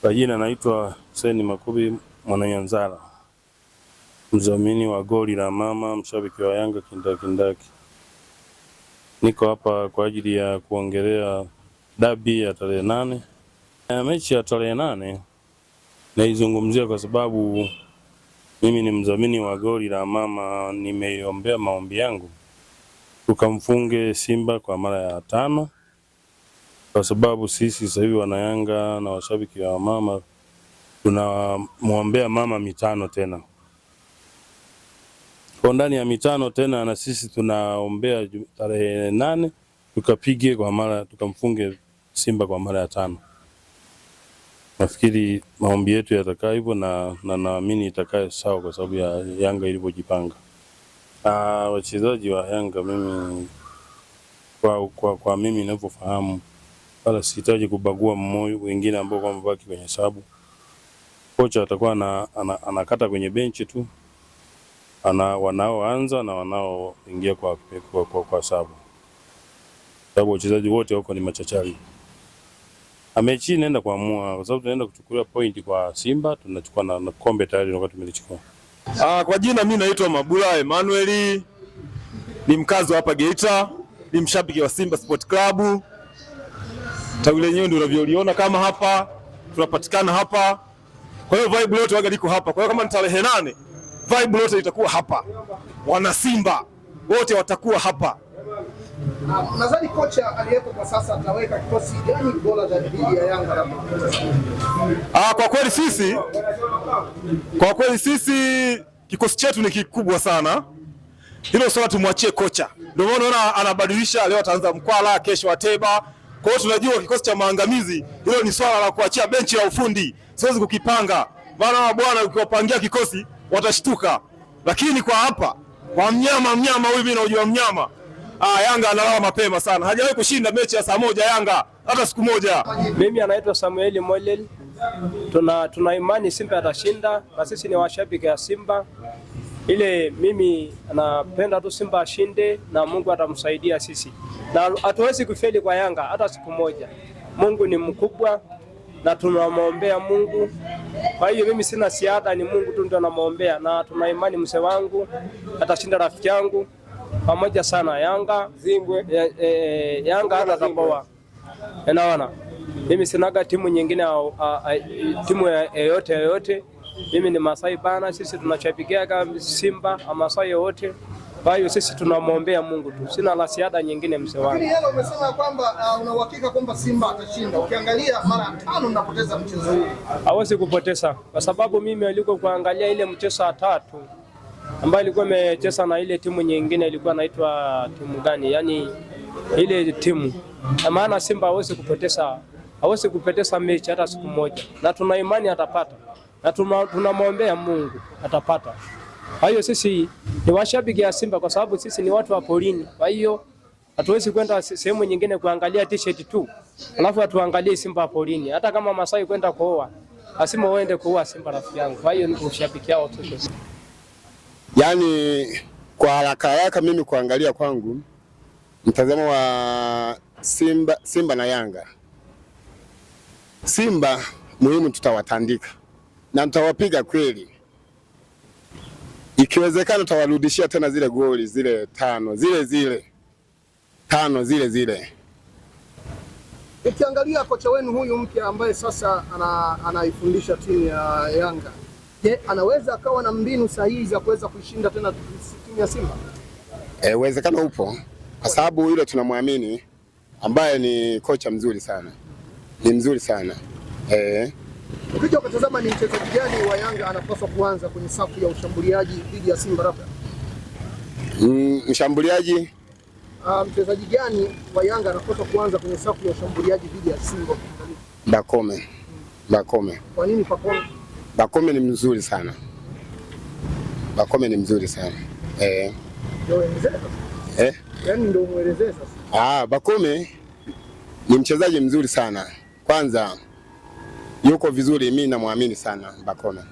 Kwa jina naitwa seni Makubi Mwananyanzala, mdhamini wa goli la mama, mshabiki wa Yanga kindakindaki. Niko hapa kwa ajili ya kuongelea dabi ya tarehe nane na eh, mechi ya tarehe nane naizungumzia kwa sababu mimi ni mdhamini wa goli la mama, nimeiombea maombi yangu tukamfunge Simba kwa mara ya tano kwa sababu sisi sasa hivi wanayanga na washabiki wa mama tunamwombea mama mitano tena kwa ndani ya mitano tena, na sisi tunaombea tarehe nane tukapige kwa mara tukamfunge Simba kwa mara ya tano. Nafikiri maombi yetu yatakaa hivyo na naamini na itakaa sawa, kwa sababu ya Yanga ilivyojipanga. Wachezaji wa Yanga mimi kwa, kwa, kwa mimi ninavyofahamu wala sihitaji kubagua mmoja wengine ambao kwa mabaki kwenye hesabu. Kocha atakuwa ana, ana, anakata kwenye benchi tu ana wanaoanza na wanaoingia kwa kwa, kwa, kwa sababu sababu wachezaji wote wako ni machachari. Mechi inaenda kuamua kwa sababu tunaenda kuchukua pointi kwa Simba, tunachukua na, na kombe tayari tunakuwa tumelichukua. Ah, kwa jina mimi naitwa Mabula Emmanuel, ni mkazi wa hapa Geita, ni mshabiki wa Simba Sport Club. Tawi lenyewe ndio unavyoliona kama hapa tunapatikana hapa, kwa hiyo vibe lote waga liko hapa. Kwa hiyo kama ni tarehe nane vibe lote litakuwa hapa, wana Simba wote watakuwa hapa. Nadhani kocha aliyepo kwa sasa ataweka kikosi gani bora dhidi ya Yanga? Ah, kwa kweli sisi, kwa kweli sisi kikosi chetu ni kikubwa sana, hilo swala tumwachie kocha. Ndio maana anabadilisha leo ataanza Mkwala, kesho Ateba kwa hiyo tunajua kikosi cha maangamizi hilo ni swala la kuachia benchi ya ufundi, siwezi kukipanga, maana bwana, ukiwapangia kikosi watashtuka. Lakini kwa hapa kwa mnyama mnyama huyu, mimi naujua mnyama. Ah, Yanga analala mapema sana, hajawahi kushinda mechi ya saa moja Yanga hata siku moja. Mimi anaitwa Samuel Molel. Tuna, tuna imani Simba atashinda na sisi ni washabiki ya Simba ile mimi napenda tu Simba ashinde na Mungu atamsaidia sisi, na hatuwezi kufeli kwa Yanga hata siku moja. Mungu ni mkubwa na tunamwombea Mungu. Kwa hiyo mimi sina siada, ni Mungu tu ndio namwombea, na tuna imani mse wangu atashinda, rafiki yangu pamoja sana. Yanga zingwe e, e, Yanga hata tapoa naona mimi sinaga timu nyingine au timu yoyote yoyote mimi ni Masai bana, sisi tunachapikiaga Simba Amasai wote. Kwa hiyo sisi tunamwombea Mungu tu, sina la siada nyingine. Mzee wangu yale umesema kwamba ah, una uhakika kwamba Simba atashinda, ukiangalia mara tano mnapoteza mchezo huu. Hawezi kupoteza kwa sababu mimi aliko kuangalia ile mchezo wa tatu ambayo ilikuwa imecheza na ile timu nyingine ilikuwa naitwa timu gani? Yaani ile timu na maana Simba hawezi kupoteza, hawezi kupoteza mechi hata siku moja, na tuna imani atapata na tunamwombea Mungu atapata. Kwa hiyo sisi ni washabiki ya Simba kwa sababu sisi ni watu wa polini. Kwa hiyo hatuwezi kwenda sehemu nyingine kuangalia t-shirt tu, alafu atuangalie Simba wa porini. Hata kama Masai kwenda kuoa, asimo uende kuoa Simba, rafiki yangu. Kwa hiyo ni ushabiki wao tu. Yaani kwa haraka haraka mimi kuangalia kwangu mtazamo wa Simba, Simba na Yanga, Simba muhimu tutawatandika na nitawapiga kweli, ikiwezekana tawarudishia tena zile goli zile tano zile zile tano zile zile. ikiangalia kocha wenu huyu mpya ambaye sasa anaifundisha ana timu ya Yanga, je, anaweza akawa na mbinu sahihi za kuweza kuishinda tena timu ya Simba? Eh, uwezekano upo kwa sababu yule tunamwamini ambaye ni kocha mzuri sana, ni mzuri sana eh ukija ukatazama ni mchezaji gani wa Yanga anapaswa kuanza kwenye safu ya ushambuliaji dhidi ya Simba labda? Mm, mshambuliaji ah, mchezaji gani wa Yanga anapaswa kuanza kwenye safu ya ushambuliaji dhidi ya Simba? Bakome. Hmm. Bakome. Kwa nini Bakome? Bakome ni mzuri sana. Bakome ni mzuri sana. Eh. Ndio eh? Yaani ndio muelezee sasa. Ah, Bakome ni mchezaji mzuri sana. Kwanza yuko vizuri, mimi namwamini sana Bakome.